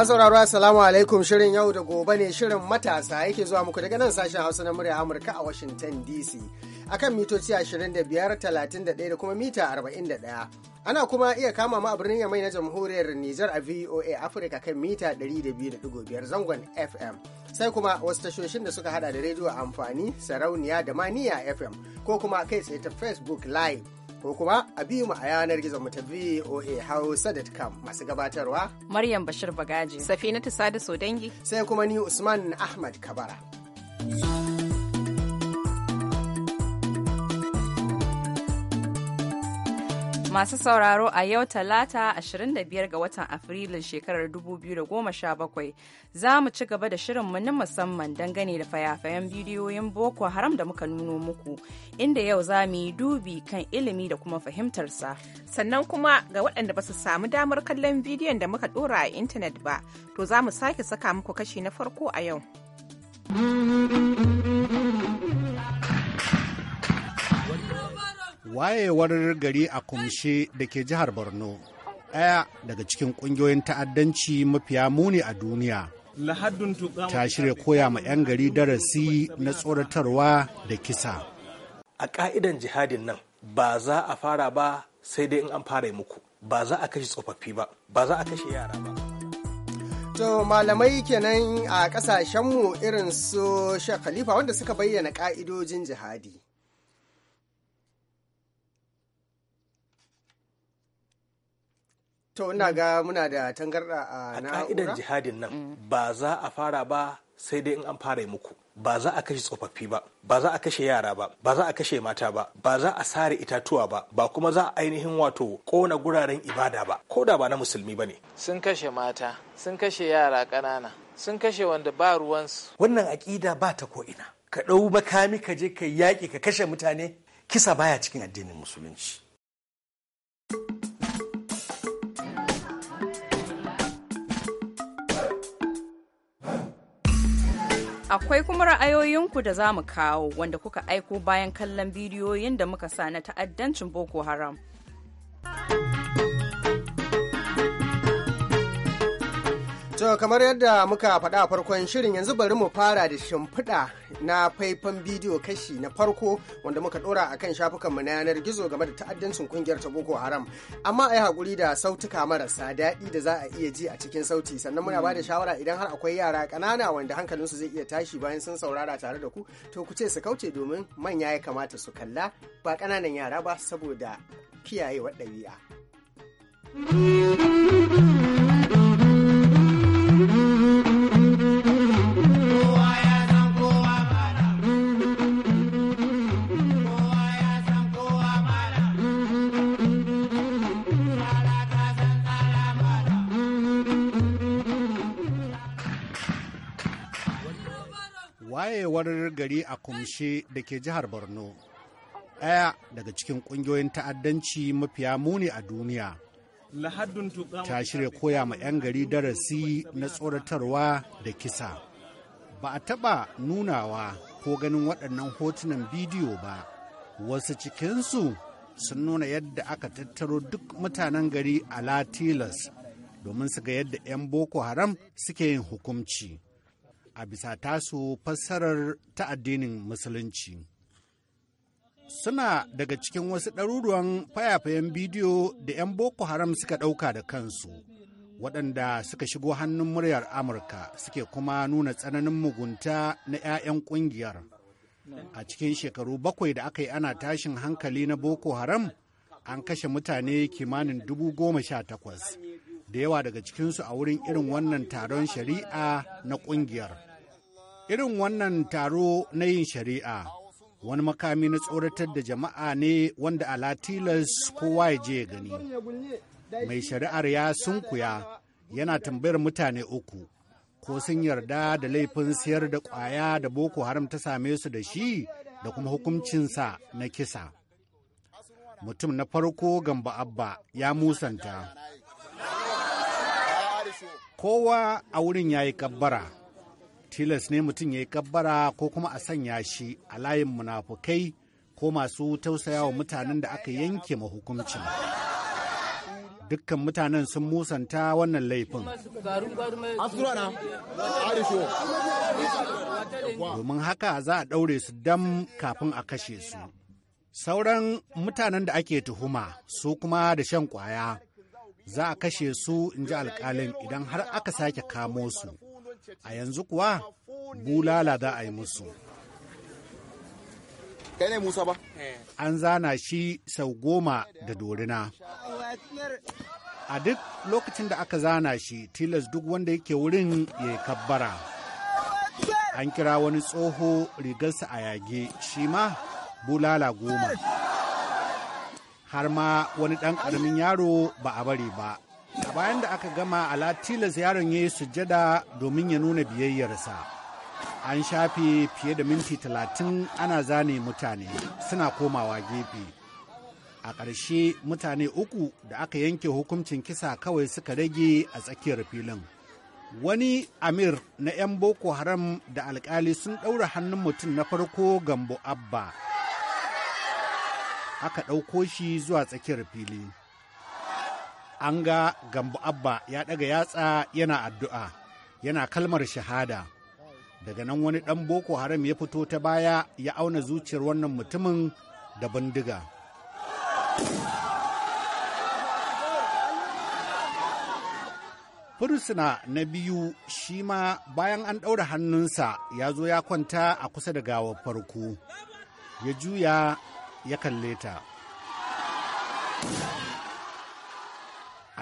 sauraro assalamu alaikum shirin yau da gobe ne shirin matasa yake zuwa muku daga nan sashen hausa na murya amurka a washington dc akan mitoci 25 31 da kuma mita 41 ana kuma iya kama ma a birnin yamai na jamhuriyar nijar a voa afirka kan mita 200.5 zangon fm sai kuma wasu tashoshin da suka hada da rediyo amfani sarauniya da maniya fm ko kuma kai tsaye ta facebook live ko kuma a bi mu a yanar gizo mu ta VOA Hausa.com masu gabatarwa Maryam Bashir Bagaji Safinatu Sada dangi? sai kuma ni Usman Ahmad Kabara. Masu sauraro a yau talata 25 ga watan Afrilun shekarar 2017 za mu ci gaba da shirin mu na musamman dangane da fayafayan bidiyoyin Boko Haram da muka nuno muku inda yau za mu yi dubi kan ilimi da kuma fahimtarsa. Sannan kuma ga waɗanda ba su samu damar kallon bidiyon da muka ɗora a intanet ba, to za mu sake saka muku kashi na farko a yau. wayewar gari a kumshe da ke jihar borno ɗaya daga cikin ƙungiyoyin ta'addanci mafiya muni a duniya ta shirya koya ma 'yan gari darasi na tsoratarwa da kisa a ƙa'idan jihadin nan ba za a fara ba sai dai in an fara muku ba za a kashe tsofaffi ba ba za a kashe yara ba To malamai kenan a ƙasashenmu irin su Sheikh wanda suka bayyana ka'idojin jihadi. to ina ga muna da tangarda a na'ura ka'idan jihadin nan mm. ba za a fara ba sai dai in an fara muku ba za a kashe tsofaffi ba ba za a kashe yara ba ba za a kashe mata ba ba za a sare itatuwa ba ba kuma za a ainihin wato kona guraren ibada ba ko da ba na musulmi ba ne sun kashe mata sun kashe yara ƙanana sun kashe wanda ba ruwansu wannan aƙida ba ta ko ina ka ɗau makami ka je ka yaƙi ka kashe mutane kisa baya cikin addinin musulunci Akwai kuma ra'ayoyinku da za mu kawo wanda kuka aiko bayan kallon bidiyoyin da muka sa na ta'addancin Boko Haram. To kamar yadda muka faɗa a farkon shirin yanzu bari mu fara da shimfiɗa na faifan bidiyo kashi na farko wanda muka ɗora a kan shafukanmu na yanar gizo game da ta'addancin kungiyar ta Boko Haram. Amma a yi haƙuri da sautuka marasa daɗi da za a iya ji a cikin sauti sannan muna bada shawara idan har akwai yara ƙanana wanda hankalinsu zai iya tashi bayan sun saurara tare da ku to ku ce su kauce domin manya ya kamata su kalla ba ƙananan yara ba saboda kiyaye ɗabi'a. wayewar gari a kumshe da ke jihar borno ɗaya daga cikin ƙungiyoyin ta'addanci mafiya muni a duniya ta shirya koya ma 'yan gari darasi na tsoratarwa da kisa ba a taɓa nunawa ko ganin waɗannan hotunan bidiyo ba wasu cikinsu sun nuna yadda aka tattaro duk mutanen gari a latilas domin su ga yadda 'yan boko haram suke yin hukumci. a bisa tasu fassarar ta addinin musulunci. Suna daga cikin wasu ɗaruruwan fayafayen bidiyo da 'yan Boko Haram suka ɗauka da kansu, waɗanda suka shigo hannun muryar Amurka suke kuma nuna tsananin mugunta na 'ya'yan ƙungiyar. A cikin shekaru bakwai da aka yi ana tashin hankali na Boko Haram, an kashe mutane kimanin dubu goma sha takwas. da yawa daga cikinsu a wurin irin wannan taron shari'a na ƙungiyar. Irin wannan taro na yin shari'a wani makami na tsoratar da jama'a ne wanda a latilas kowa ya je ya gani. Mai shari'ar ya sunkuya yana tambayar mutane uku ko sun yarda da laifin siyar da ƙwaya da Boko Haram ta same su da shi da kuma hukuncinsa na kisa. Mutum na farko gamba abba ya musanta. Kowa a wurin ya yi kabbara. tilas ne mutum ya yi kabbara ko kuma a sanya shi a layin munafukai ko masu tausayawa mutanen da aka yanke mahukunci Dukkan mutanen sun musanta wannan laifin. Domin haka za a ɗaure su dam kafin a kashe su. Sauran mutanen da ake tuhuma su kuma da shan kwaya za a kashe su in ji alkalin idan har aka sake kamo su. a yanzu kuwa bulala za a yi musu. An zana shi sau goma da dorina. A duk lokacin da aka zana shi tilas duk wanda yake wurin ya yi kabbara. An kira wani tsoho rigarsa a yage shi ma bulala goma. Har ma wani ɗan ƙaramin yaro ba a bari ba A bayan da aka gama ala tilas yaron ya yi sujjada domin ya nuna biyayyarsa. An shafe fiye da minti talatin ana zane mutane suna komawa gefe. A ƙarshe mutane uku da aka yanke hukuncin kisa kawai suka rage a tsakiyar filin. Wani Amir na 'yan Boko Haram da alkali sun ɗaura hannun mutum na farko Gambo Abba. Aka ɗauko shi zuwa tsakiyar fili. an ga gambu abba ya daga yatsa yana addu'a yana kalmar shahada daga nan wani ɗan boko haram ya fito ta baya ya auna zuciyar wannan mutumin da bindiga fursuna na biyu shi ma bayan an ɗaura hannunsa ya zo ya kwanta a kusa da gawar farko ya juya ya kalle ta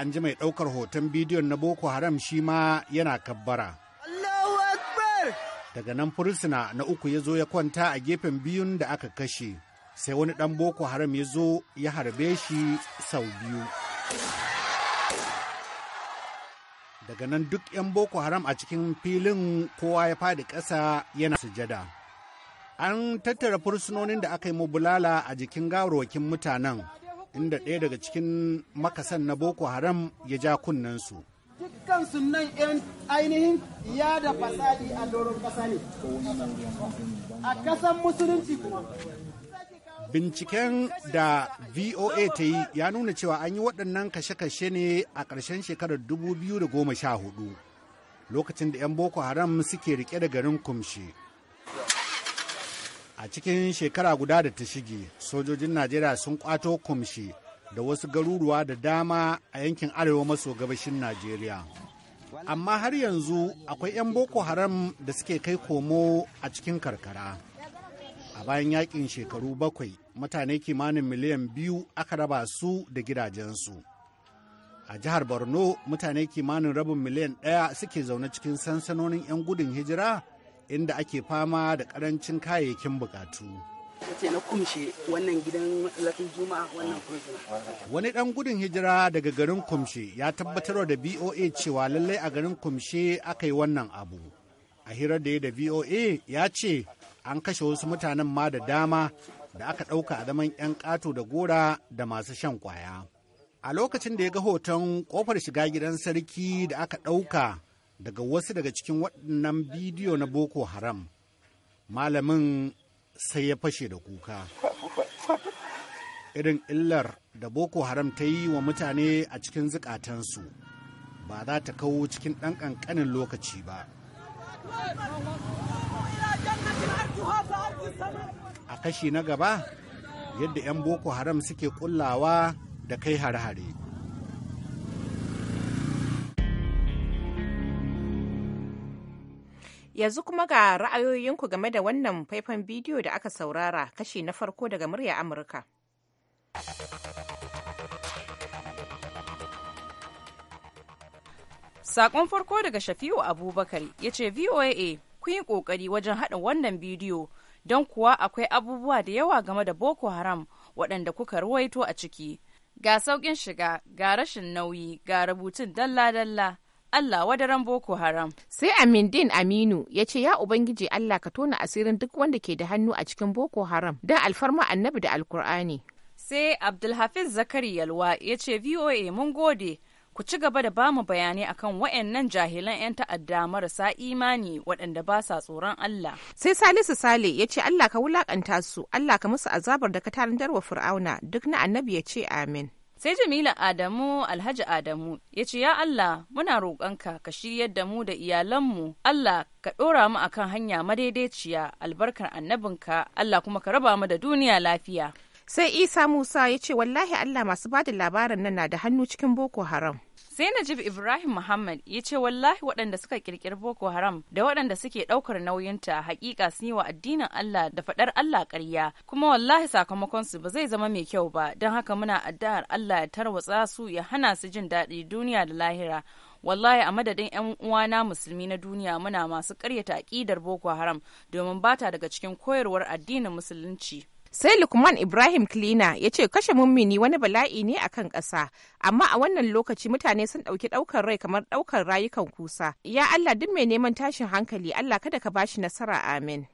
an ji mai ɗaukar hoton bidiyon na Boko Haram shi ma yana kabbara. Daga nan fursuna na uku ya zo ya kwanta a gefen biyun da aka kashe, sai wani ɗan Boko Haram ya zo ya harbe shi sau biyu. Daga nan duk 'yan Boko Haram a cikin filin kowa ya faɗi ƙasa yana sujada. An tattara fursunonin da aka yi mubulala a jikin gawarwakin mutanen. inda ɗaya daga cikin makasan na boko haram ya ja kunnensu dukkan sunan yan ainihin ya da fasadi a doron ƙasa a ƙasan musulunci binciken da voa ta yi ya nuna cewa an yi waɗannan kashe-kashe ne a ƙarshen shekarar 2014 lokacin da 'yan boko haram suke rike da garin kumshi a cikin shekara guda da ta shige sojojin najeriya sun kwato kumshi da wasu garuruwa da dama a yankin arewa maso gabashin najeriya amma har yanzu akwai 'yan boko haram da suke kai komo a cikin karkara a bayan yakin shekaru bakwai mutane kimanin miliyan biyu aka raba su da gidajensu a jihar borno mutane kimanin rabin miliyan ɗaya suke zaune cikin sansanonin 'yan gudun hijira inda ake fama da karancin kayayyakin bukatu. wani ɗan gudun hijira daga garin kumshe ya tabbatar da boa cewa lallai a garin kumshe aka yi wannan abu a hirar da ya da BOA ya ce an kashe wasu mutanen ma da dama da aka ɗauka a zaman 'yan ƙato da gora da masu shan kwaya a lokacin da ya ga hoton ƙofar shiga gidan sarki da aka ɗauka daga wasu daga cikin waɗannan bidiyo na boko haram malamin sai ya fashe da kuka irin illar da boko haram ta yi wa mutane a cikin zukatansu ba za ta kawo cikin ɗan ƙanƙanin lokaci ba a kashi na gaba yadda 'yan boko haram suke kullawa da kai hare-hare Yanzu kuma ga ra'ayoyinku game da wannan faifan bidiyo da aka saurara kashi na farko daga murya Amurka. Sakon farko daga Shafi'u Abubakar ya ce VOA kun yi ƙoƙari wajen haɗa wannan bidiyo don kuwa akwai abubuwa da yawa game da Boko Haram waɗanda kuka ruwaito a ciki. Ga sauƙin shiga, ga rashin nauyi, ga rubutun dalla-dalla. Allah wadaran Boko Haram. Sai Amindin Aminu ya ce ya Ubangiji Allah ka tona asirin duk wanda ke da hannu a cikin Boko Haram don alfarma annabi da Alkur'ani. Sai Abdulhafiz Zakari Yalwa ya ce VOA mun gode ku ci gaba da bamu bayanai akan wayannan jahilan 'yan ta'adda marasa imani waɗanda ba sa tsoron Allah. Sai Salisu Sale ya ce Allah ka wulakanta su, Allah ka musu azabar da ka wa Fir'auna duk na annabi ya ce amin. Sai Jamila Adamu Alhaji Adamu ya ce, Ya Allah, muna roƙonka ka shiryar da mu da iyalanmu, Allah ka ɗora mu akan hanya madaidaiciya albarkar annabinka, Allah kuma ka raba mu da duniya lafiya. Sai Isa Musa ya ce, Wallahi Allah masu ba da labarin nan na da hannu cikin Boko Haram. sai najib Ibrahim Muhammad ya ce wallahi waɗanda suka kirkiri Boko Haram da waɗanda suke ɗaukar nauyinta hakika sun yi wa addinin Allah da faɗar Allah ƙarya kuma wallahi sakamakon su ba zai zama mai kyau ba don haka muna addu'ar Allah ya tarwatsa su ya hana su jin daɗi duniya da lahira. wallahi a madadin 'yan uwana musulmi na duniya muna masu karyata aƙidar boko haram domin bata daga cikin koyarwar addinin musulunci sai lukman ibrahim klina ya ce kashe mummini wani bala'i ne a kan ƙasa amma a wannan lokaci mutane sun ɗauki ɗaukar rai kamar ɗaukar rayukan kusa ya allah duk mai neman tashin hankali allah kada ka bashi nasara amin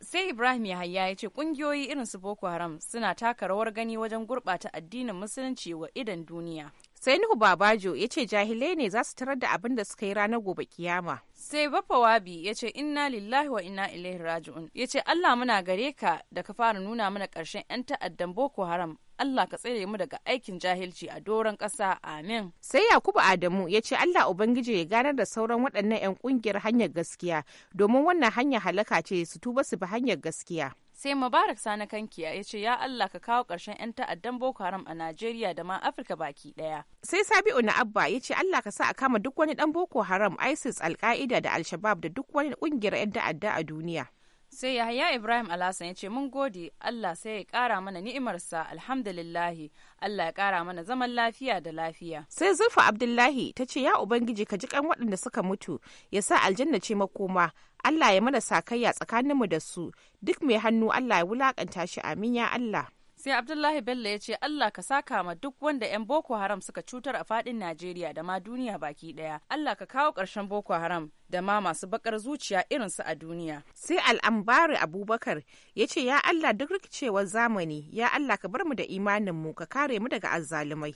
sai ibrahim yahaya ya ce kungiyoyi irin su boko haram suna taka rawar gani wajen gurɓata addinin musulunci wa idan duniya sai nuhu babajo ya ce jahilai ne za su tarar da abin da suka yi ranar gobe kiyama sai bafa wabi ya ce inna lillahi wa inna ilaihi raju'un ya ce allah muna gare ka da ka fara nuna mana karshen 'yan ta'addan boko haram Allah ka tsere mu daga aikin jahilci a doron ƙasa amin. Sai Yakubu Adamu ya ce Allah Ubangiji ya ganar da sauran waɗannan 'yan ƙungiyar hanyar gaskiya domin wannan hanyar halaka ce su tuba su bi hanyar gaskiya. sai mubarak sani kankiya ya ce ya allah ka kawo ƙarshen 'yan ta'addan boko haram a najeriya da ma afirka baki daya. sai sabi'u na abba ya ce allah ka sa a kama duk wani dan boko haram isis alka'ida da alshabab da duk wani ƙungiyar 'yan ta'adda a duniya sai yahaya ibrahim alhassan ya ce mun gode allah sai ya kara mana ni'imarsa alhamdulillahi allah ya kara mana zaman lafiya da lafiya sai zulfa abdullahi ta ce ya ubangiji ka ji kan waɗanda suka mutu ya sa aljanna ce makoma allah ya mana sakayya tsakaninmu da su duk mai hannu allah ya wulakanta shi amin ya allah sai abdullahi bello ya ce allah ka saka ma duk wanda 'yan boko haram suka cutar a fadin najeriya da ma duniya baki daya allah ka kawo karshen boko haram da ma masu bakar zuciya irinsu a duniya sai al'ambari abubakar ya ce ya allah duk rikicewar zamani ya allah ka bar mu da imanin mu ka kare mu daga azzalumai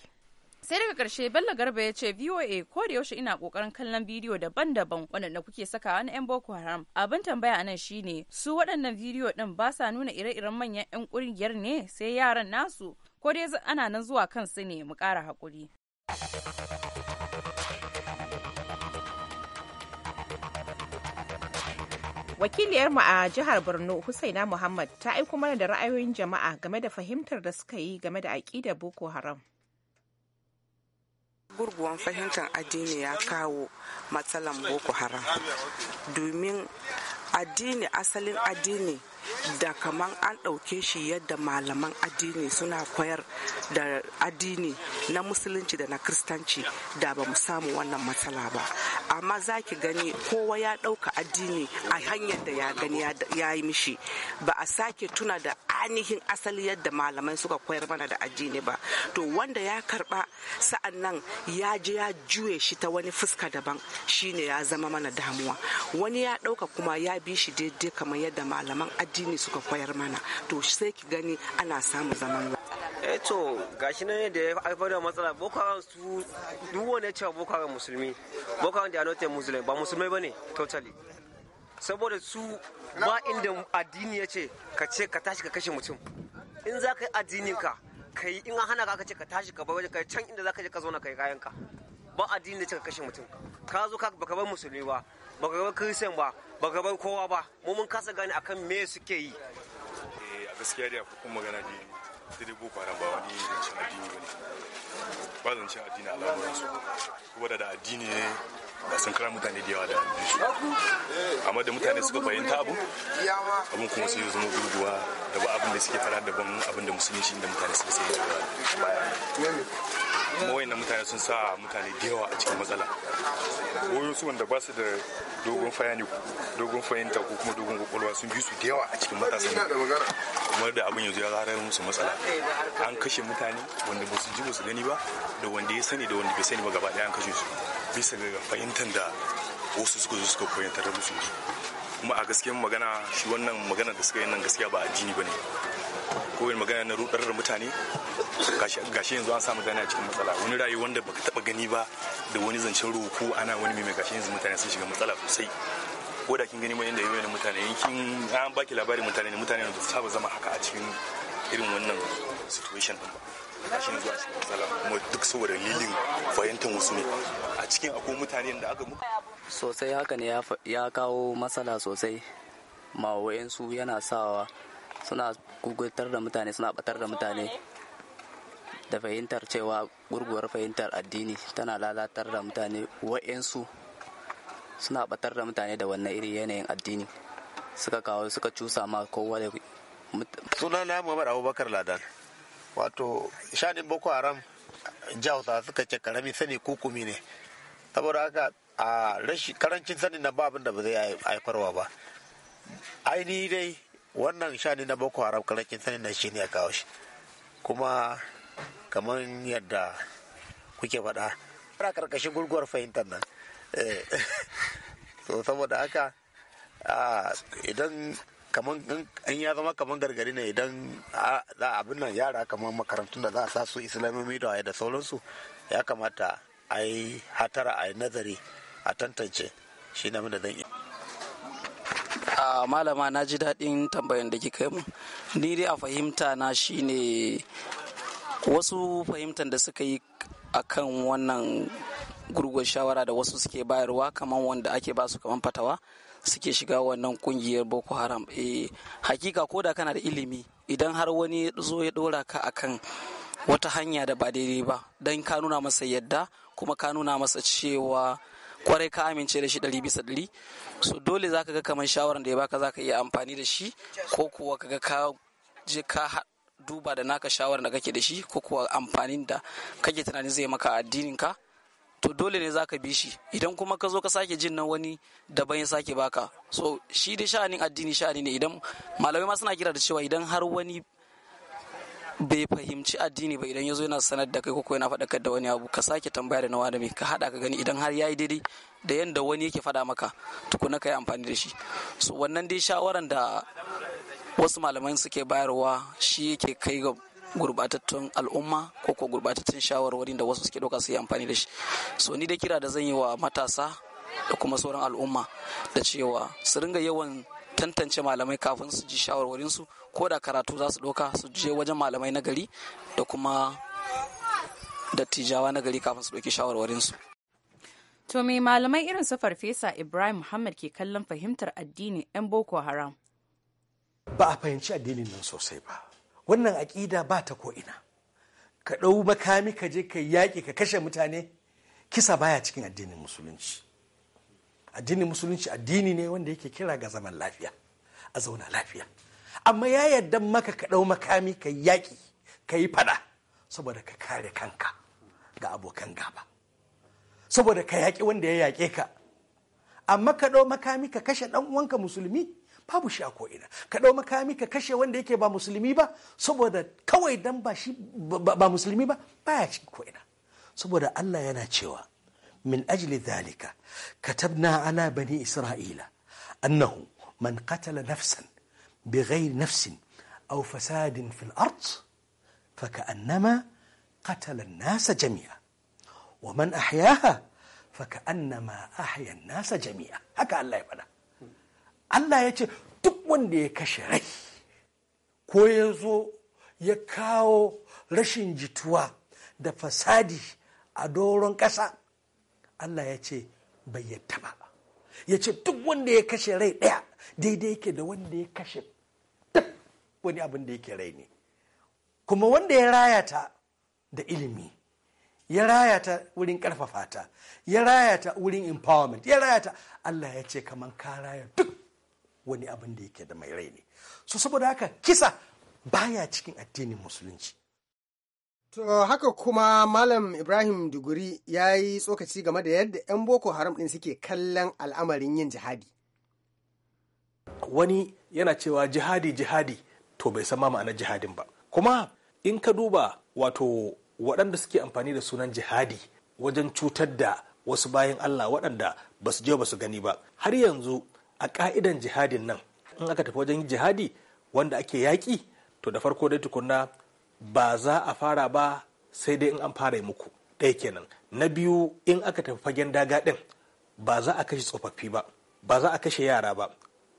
sai daga karshe bello garba ya ce voa ko da yaushe ina kokarin kallon bidiyo daban-daban wadanda kuke sakawa na yan boko haram abin tambaya anan shine su waɗannan bidiyo ɗin ba sa nuna ire-iren manyan yan ƙungiyar ne sai yaran nasu ko dai ana nan zuwa kansu ne mu ƙara hakuri. wakiliyarmu a jihar borno husaina muhammad ta aiko mana da ra'ayoyin jama'a game da fahimtar da suka yi game da aƙidar boko haram gurguwan fahimtar addini ya kawo matsalan boko haram domin addini asalin addini da kaman an ɗauke shi yadda malaman addini suna koyar da addini na musulunci da na kristanci da ba mu samu wannan matsala ba amma za ki gani kowa ya ɗauka addini a hanyar da ya gani ya yi mishi ba a sake tuna da ainihin asali yadda malamai suka koyar mana da addini ba to wanda ya karba sa'an nan ya je ya juye shi ta wani fuska daban shine ya zama mana damuwa wani ya dauka kuma ya bi shi daidai kamar yadda malaman addini suka koyar mana to sai ki gani ana samu zaman eh to gashi nan da ya haifar da matsala boko haram su duk wanda ya cewa boko haram musulmi boko haram da anote musulmi ba musulmai bane totally saboda su ba inda addini ya ce ka ce ka tashi ka kashe mutum in za ka yi addininka ka yi in hana ka ce ka tashi ka bar wajen ka can inda za ka je ka zauna ka yi kayanka ba addini da ce ka kashe mutum ka zo ka baka bar musulmi ba baka bar kristiyan ba baka bar kowa ba mu mun kasa gane akan me suke yi eh a gaskiya dai akwai kuma magana dai dai boko haram ba wani zancen addini ne ba zancen addini su kuma da addini ne da sun kira mutane da yawa da amma da mutane suka fahimta abu abin kuma sai zama gurguwa da ba abin da suke fara daban abin da musulunci da mutane suka sai baya kuma wayannan mutane sun sa mutane da yawa a cikin matsala ko su wanda ba su da dogon fayani dogon fahimta ko kuma dogon kwakwalwa sun bi su da yawa a cikin matasa ne. kuma da abin yanzu ya zarar musu matsala an kashe mutane wanda ba su ji ba su gani ba da wanda ya sani da wanda bai sani ba gaba ɗaya an kashe su bisa ga fahimtar da wasu suka zo suka koyantar da musu kuma a gaskiyar magana shi wannan magana da suka yi nan gaskiya ba addini ba ne wani magana na rudar da mutane gashi yanzu an samu mutane a cikin matsala wani rayu wanda baka taba gani ba da wani zancen roko ana wani mai gashi yanzu mutane sun shiga matsala sosai ko da kin gani mai yanda yi wani mutane yankin an baki labarin mutane ne mutane da saba zama haka a cikin irin wannan situation ba kashin zuwa cikin matsala kuma duk saboda lilin fahimtar wasu ne a cikin akwai mutane da aka muka sosai haka ne ya kawo matsala sosai ma wayansu yana sawa suna gugutar da mutane suna batar da mutane da fahimtar cewa gurguwar fahimtar addini tana lalatar da mutane wa'yansu suna batar da mutane da wannan iri yanayin addini suka kawo suka cusa ma kowa da sunana muhammad abubakar ladan wato shanin boko haram hausa suka ce karami sani kumi ne saboda haka a rashi karancin sani na ba da ba zai haifarwa ba ainihi dai wannan shani na boko haram karancin sani na shi ne ya kawo shi kuma kamar yadda kuke faɗa ana karkashin gurguwar fahimtar nan eh, saboda haka idan kaman in ya zama kaman gargari ne idan za abin nan yara kamar makarantun da za a sa su islamomi da da sauransu ya kamata a yi hatara a yi nazari a tantance shi na da zan yi a malama na ji daɗin tambayan da kika mu ni dai a fahimta na shine wasu fahimtar da suka yi akan wannan gurgun shawara da wasu suke bayarwa kamar wanda ake ba su kamar fatawa suke shiga wannan kungiyar boko haram E, hakika ko da kana da ilimi idan har wani zo ya dora ka akan wata hanya da ba daidai ba dan ka nuna masa yadda kuma ka nuna masa cewa kwarai ka amince da shi ɗari bisa ɗari so dole zaka ga kamar shawaran da ya baka zaka iya amfani da shi ko kuwa kaga ka je ka duba da naka shawarar da kake da shi ko kuwa amfanin da kake tunanin zai maka addinin ka to dole ne zaka bi shi idan kuma ka zo ka sake jin nan wani daban ya sake baka so shi dai sha'anin addini sha'ani ne idan malamai ma suna kira da cewa idan har wani bai fahimci addini ba idan ya zo yana sanar da kai ko yana faɗakar da wani abu ka sake tambaya da nawa da me ka haɗa ka gani idan har yayi yi daidai da yanda wani yake faɗa maka tukuna ka yi amfani da shi so wannan dai shawaran da wasu malaman suke bayarwa shi yake kai ga gurbatattun al'umma ko ko gurbatattun shawarwarin da wasu suke ɗauka su yi amfani da shi so ni da kira da zan yi wa matasa da kuma sauran al'umma da cewa su ringa yawan tantance malamai kafin su ji shawarwarinsu ko da karatu za su ɗauka su je wajen malamai na gari da kuma dattijawa na gari kafin su ɗauki shawarwarinsu. To me malamai irin su farfesa Ibrahim Muhammad ke kallon fahimtar addini 'yan Boko Haram? Ba a fahimci addinin nan sosai ba. wannan aƙida ba ta ko'ina ka ɗau makami ka je ka yaƙi ka kashe mutane kisa baya cikin addinin musulunci addinin musulunci addini ne wanda yake kira ga zaman lafiya a zauna lafiya amma ya yarda maka ka ɗau makami ka yaƙi ka yi faɗa saboda ka kare kanka ga abokan gaba saboda ka yaƙi wanda ya yaƙe ka amma ka ɗau makami ka kashe ɗan uwanka musulmi babu shi a ko'ina ka ɗau makami ka kashe wanda yake ba musulmi ba saboda kawai dan ba shi ba musulmi ba baya cikin ko'ina saboda Allah yana cewa min ajli dhalika katabna ala bani isra'ila annahu man qatala nafsan bighayri nafsin aw fasadin fil ard فكأنما قتل الناس جميعا ومن أحياها فكأنما أحيا الناس جميعا هكا الله يبدأ Allah ya ce duk wanda ya kashe rai ko ya zo ya kawo rashin jituwa da fasadi a doron ƙasa Allah ya ce bai yadda ba ya ce duk wanda ya kashe rai ɗaya daidai yake da wanda ya kashe duk wani abin da yake rai ne kuma wanda ya rayata da ilimi ya raya ta wurin ƙarfafa ya raya wurin empowerment ya raya Allah ya ce kamar ka raya duk wani abin da yake da mai rai ne so saboda haka kisa baya cikin addinin musulunci To haka kuma Malam Ibrahim Duguri ya yi tsokaci game da yadda 'yan Boko Haram ɗin suke kallon al'amarin yin jihadi. Wani yana cewa jihadi jihadi to bai san ma'ana jihadin ba. Kuma in ka duba wato waɗanda suke amfani da sunan jihadi wajen cutar da wasu bayan Allah waɗanda ba su je ba su gani ba. Har yanzu a ka'idan jihadin nan in aka tafi wajen jihadi wanda ake yaƙi to da farko dai tukunna ba za a fara ba sai dai in an fara muku ɗaya kenan na biyu in aka tafi fagen daga ɗin ba za a kashe tsofaffi ba ba za a kashe yara ba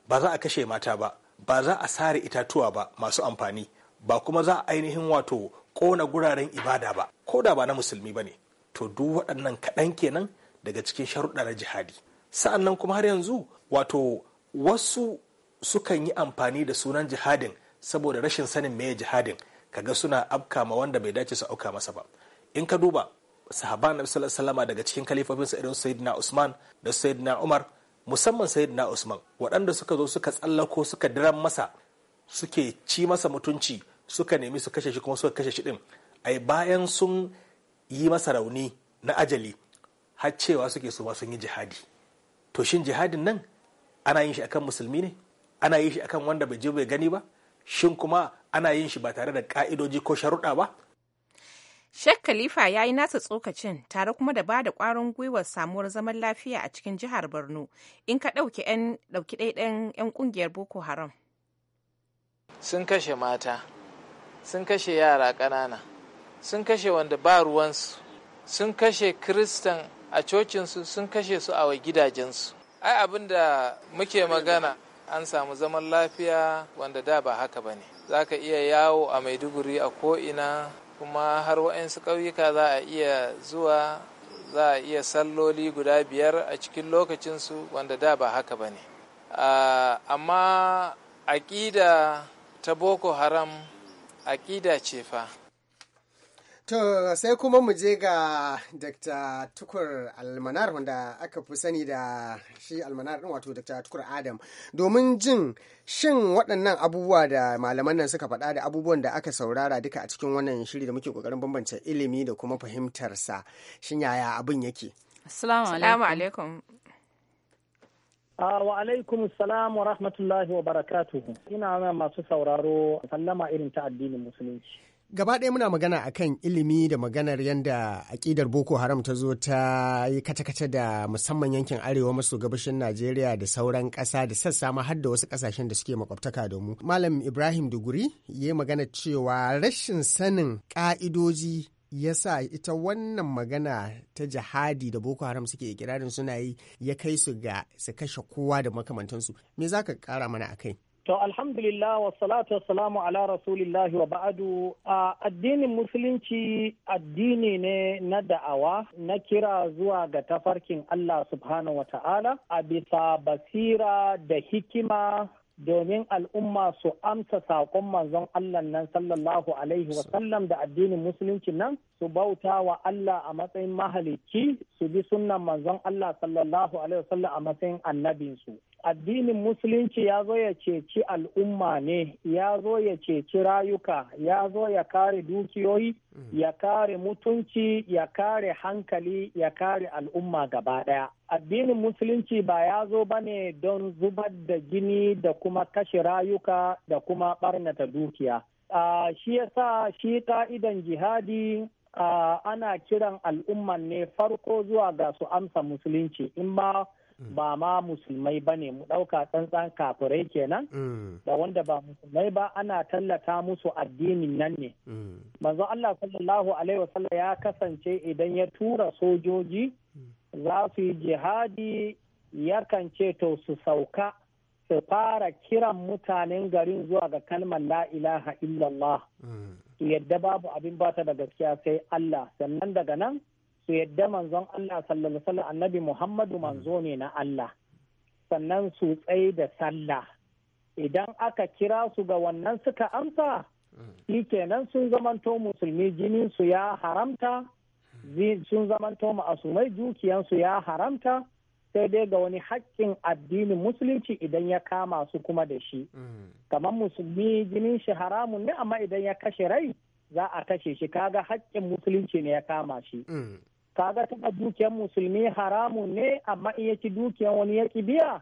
ba za a kashe mata ba ba za a sare itatuwa ba masu amfani ba kuma za a ainihin wato ƙona guraren ibada ba ko da ba na musulmi ba ne to duk waɗannan kaɗan kenan daga cikin sharuɗa na jihadi sa'an nan kuma har yanzu wato wasu sukan yi amfani da sunan jihadin saboda rashin sanin meye jihadin kaga suna afka ma wanda bai dace su auka masa ba in ka duba sahaba na sallama daga cikin kalifofin sa irin sayyidina usman da sayyidina umar musamman sayyidina usman waɗanda suka zo suka tsallako suka diran masa suke ci masa mutunci suka nemi su kashe shi kuma suka kashe shi din ai bayan sun yi masa rauni na ajali har cewa suke su ma sun yi jihadi to shin jihadin nan ana yin shi akan musulmi ne ana yin shi akan wanda bai je bai gani ba shin kuma ana yin shi ba tare da ka'idoji ko sharuɗa ba Sheikh Khalifa ya yi nasa tsokacin tare kuma da ba da ƙwarin gwiwar samuwar zaman lafiya a cikin jihar Borno in ka ɗauki ɗaiɗayan ƴan ƙungiyar Boko Haram. Sun kashe mata, sun kashe yara ƙanana, sun kashe wanda ba ruwansu, sun kashe Kiristan a cocinsu sun kashe su a gidajensu ai abin da muke magana an samu zaman lafiya wanda da ba haka ba ne za ka iya yawo a maiduguri a ko'ina kuma har waɗansu ƙauyuka za a iya zuwa za a iya salloli guda biyar a cikin lokacinsu wanda da ba haka ba ne amma aƙida ta boko haram aƙida ce fa To sai kuma mu je ga Dr. Tukur Almanar wanda aka fi sani da shi Almanar ɗin wato Dr. Tukur Adam domin jin shin waɗannan abubuwa da malaman nan suka faɗa da abubuwan da aka saurara duka a cikin wannan shiri da muke ƙoƙarin bambance ilimi da kuma fahimtarsa shin yaya abin yake? Assalamu alaikum. Ah, wa alaikum salam wa rahmatullahi wa barakatuhu ina masu sauraro sallama irin ta addinin musulunci gaba ɗaya muna magana akan ilimi da maganar yadda aƙidar boko haram ta zo ta yi kata-kata da musamman yankin arewa maso gabashin najeriya da sauran ƙasa da sassa ma har da wasu ƙasashen da suke makwabtaka da mu malam ibrahim duguri ya yi magana cewa rashin sanin ƙa'idoji ya sa ita wannan magana ta jihadi da boko haram suke ikirarin suna yi ya kai su ga su kashe kowa da makamantansu me za ka kara mana a kai. To alhamdulillah wa salatu wa salamu ala rasulillah wa ba'adu a addinin musulunci addini ne na da'awa na kira zuwa ga tafarkin Allah subhanahu wa ta'ala a bisa basira da hikima domin al'umma su amsa saƙon manzon Allah nan sallallahu alaihi sallam. da addinin musulunci nan su bauta wa Allah a matsayin mahalicci su bi sunnan manzon Allah sallallahu alaihi sallam a matsayin annabinsu. addinin musulunci ya zo ya ceci al'umma ne ya zo ya ceci rayuka ya zo ya kare dukiyoyi mm. ya kare mutunci ya kare hankali ya kare al'umma gaba daya addinin musulunci ba ya zo ba ne don zubar da jini da kuma kashe rayuka da kuma barnata dukiya uh, shi yasa shi ka'idan jihadi uh, ana kiran al'umman ne farko zuwa ga su amsa musulunci in ba Mm. ba ma musulmai ba ne mu ɗauka tsantsan kafirai kenan mm. da wanda ba musulmai ba ana tallata musu addinin nan ne mm. manzo Allah sallallahu alaihi wasallam ya kasance idan ya tura sojoji za su yi jihadi yakan ce to su sauka su fara kiran mutanen garin zuwa ga kalmar la ilaha illallah yadda babu abin bata da gaskiya sai Allah sannan daga nan su yadda manzon Allah sallallahu alaihi annabi Muhammadu manzo ne na Allah sannan su tsaye da sallah idan aka kira su ga wannan suka amsa shi kenan sun zamanto musulmi jinin su ya haramta sun zamanto ma'asumai dukiyansu ya haramta sai dai ga wani haƙƙin addinin musulunci idan ya kama su kuma da shi kamar musulmi jinin shi haramun ne amma idan ya kashe rai za a kashe shi kaga haƙƙin musulunci ne ya kama shi kaga taba dukiyan musulmi haramun ne amma in ci dukiyar wani ya ki biya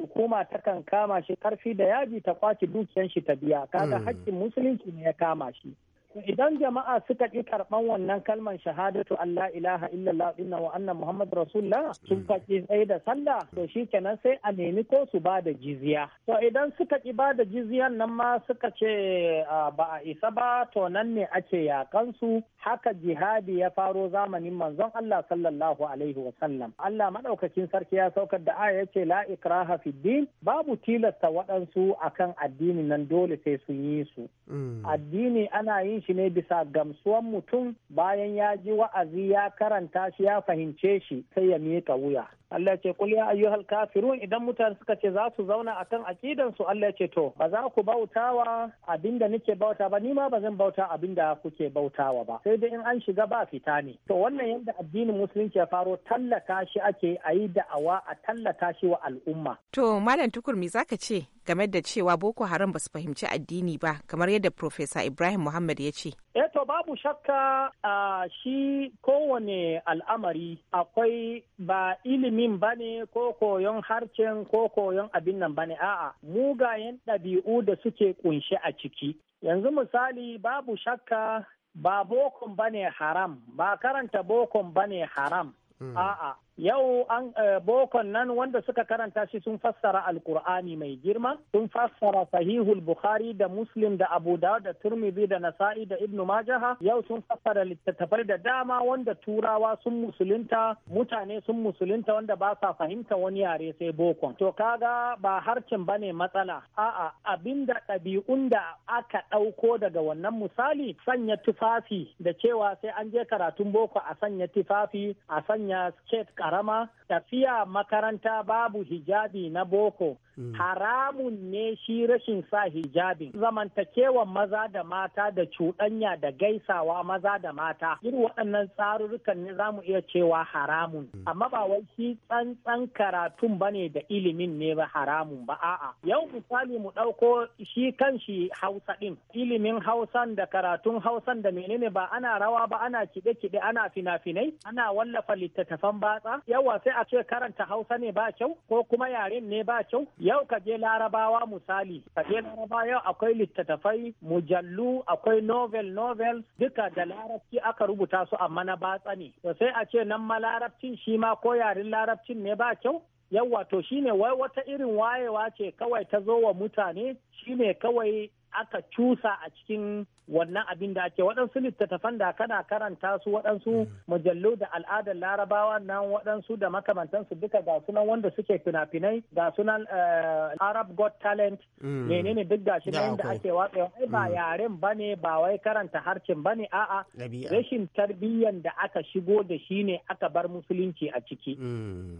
hukuma ta kan kama shi karfi da yaji ta kwaci dukiyar shi ta biya kaga hmm. haƙƙin musulunci ne ya kama shi idan jama'a suka ƙi karɓan wannan kalmar shahadatu Allah ilaha illallah inna wa anna Muhammad Rasulullah sun mm. faƙi tsaye da sallah to shi kenan sai a nemi ko su ba da jizya. To idan suka ƙi ba da jizyan nan ma suka ce ba a isa ba to nan ne ake yakan su haka jihadi ya faro zamanin manzon Allah sallallahu alaihi wa sallam. Allah madaukakin sarki ya saukar da aya yace la ikraha fid din babu tilasta waɗansu akan addini nan dole sai sun yi su. Mm. Addini ana yin shi ne bisa gamsuwan mutum bayan ya ji wa'azi ya karanta shi ya fahimce shi sai ya miƙa wuya Allah ce kul ya ayyuhal kafirun idan mutane suka ce za su zauna akan akidan su Allah ce to ba za ku bautawa abinda nake bauta ba Nima ba zan bauta abinda kuke bautawa ba sai dai in an shiga ba fita ne to wannan yadda addinin musulunci ya faro tallata shi ake a yi da'awa a tallata shi wa al'umma to malam tukur me zaka ce game da cewa boko haram ba su fahimci addini ba kamar yadda profesa ibrahim muhammad ya ce eh to babu shakka ah, shi kowane al'amari akwai ba ilimi ba bane ko koyon harcen ko koyon abin nan bane a'a mugayen ɗabi'u da suke kunshe a ciki yanzu misali babu shakka ba bokon bane haram ba karanta bokon bane haram hmm. a'a Yau an eh, bokon nan wanda suka karanta shi sun fassara Alkur'ani mai girma, sun fassara Sahihul Bukhari da Muslim da Abu Dawud da Turmizi da Nasa'i da Ibn Majaha, yau sun fassara littattafai da dama wanda Turawa sun musulunta, mutane sun musulunta wanda ba sa fahimta wani yare sai bokon. To kaga ba ba ne matsala, a'a abinda ɗabi'un da aka ɗauko daga wannan misali sanya tufafi da cewa sai an je karatun boko a sanya tufafi a sanya skate karama tafiya makaranta babu hijabi na boko Mm. haramun ne shi rashin sa hijabin zamantakewan maza da mata da cuɗanya da gaisawa maza da mata irin waɗannan tsarurrukan ne za mu iya cewa haramun mm. amma ba wai shi tsantsan karatun bane da ilimin ne ba haramun ba a'a yau misali mu ɗauko shi kan shi hausa ɗin ilimin hausan da karatun hausan da menene ba ana rawa ba ana kiɗe-kiɗe ana fina-finai ana wallafa littattafan batsa yawa sai a ce karanta hausa ne ba kyau ko kuma yaren ne ba kyau yau ka je larabawa misali ka je laraba yau akwai littattafai mujallu akwai novel novel duka da larabci aka rubuta su amma na batsa ne to sai a ce nan ma larabcin shi ma ko yarin larabcin ne ba kyau yawwa to shine wai wata irin wayewa ce kawai ta zo wa mutane shine kawai aka cusa a cikin wannan abin da ake waɗansu littattafan da kana karanta su waɗansu mm. mujallu da al'adar larabawa nan waɗansu da makamantansu duka ga sunan wanda suke fina-finai ga sunan eh, arab got talent mm. menene duk ga shi da ake watsa ba mm. yaren ba ne ba wai karanta harcin ba ne a'a rashin tarbiyyan da aka shigo da shi ne aka bar musulunci a ciki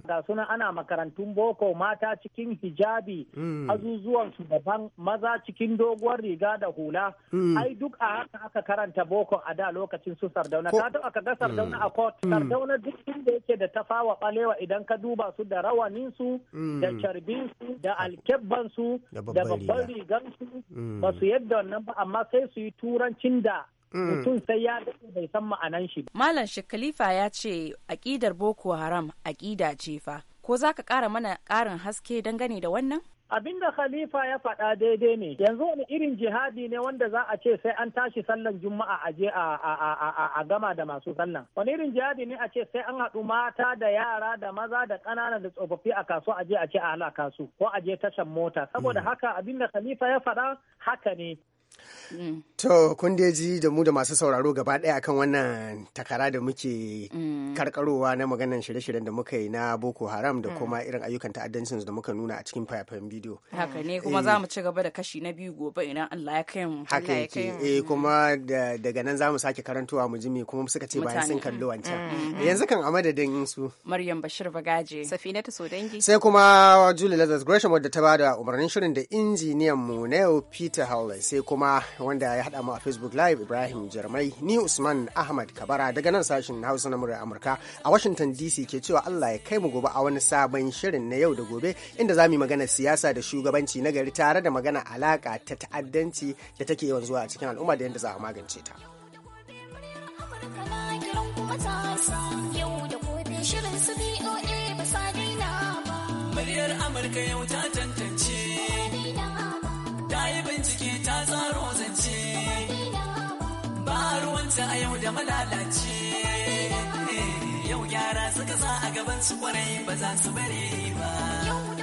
ga sunan ana makarantun boko mata cikin hijabi Azuzuwan su daban maza cikin doguwar riga da hula ai duk a haka aka karanta boko a da lokacin su sardauna ka taɓa ka ga sardauna a court mm. sardauna duk inda yake da tafawa balewa idan ka duba su da rawanin su mm. da carbin su da alkebban su da babban rigan su mm. ba su yadda wannan ba amma sai su yi turancin da mutum sai ya dace bai san ma'anan shi. Malam Sheikh ya ce aƙidar Boko Haram aƙida ce fa. Ko zaka ka ƙara mana ƙarin haske dangane da wannan? abin da khalifa ya faɗa daidai ne yanzu wani irin jihadi ne wanda za a ce sai an tashi sallan juma'a a je a gama da masu sallan wani irin jihadi ne a ce sai an haɗu mata da yara da maza da ƙanana da tsofaffi a kasu a je a ce a halaka su ko a je tashan mota saboda mm. haka abin da khalifa ya faɗa haka ne mm. To, kun ji da mu da masu sauraro gaba ɗaya akan wannan takara da muke mm. karkarowa na maganan shirye-shiryen da muka yi na Boko Haram da mm. kuma irin ayyukan ta'addancin da muka nuna a cikin fayafayen bidiyo. Haka ne kuma eh. za mu ci gaba da kashi na biyu gobe ina Allah ya kai mu. Haka yake. Eh kuma daga nan za mu sake karantowa mu ji me kuma suka ce bayan sun kalli wancan. Mm, Yanzu kan a madadin su. Maryam Bashir Bagaje. so Sodangi. Sai kuma Julie Lazarus Gresham wadda ta bada umarnin shirin da injiniyan mu na yau Peter Howley sai kuma wanda ya haɗa mu a Facebook Live Ibrahim Jarmai ni Usman Ahmad Kabara daga nan sashin Hausa na murar Amurka a Washington DC ke cewa Allah ya kai mu gobe a wani sabon shirin na yau da gobe inda za mu magana siyasa da shugabanci na gari tare da magana alaka ta ta'addanci da take yawan zuwa a cikin al'umma da yadda za a magance ta. Muryar Amurka yau ta tantance ruwanta a yau da malalace eh, yau gyara suka sa a gaban su kwarai ba za su bare ba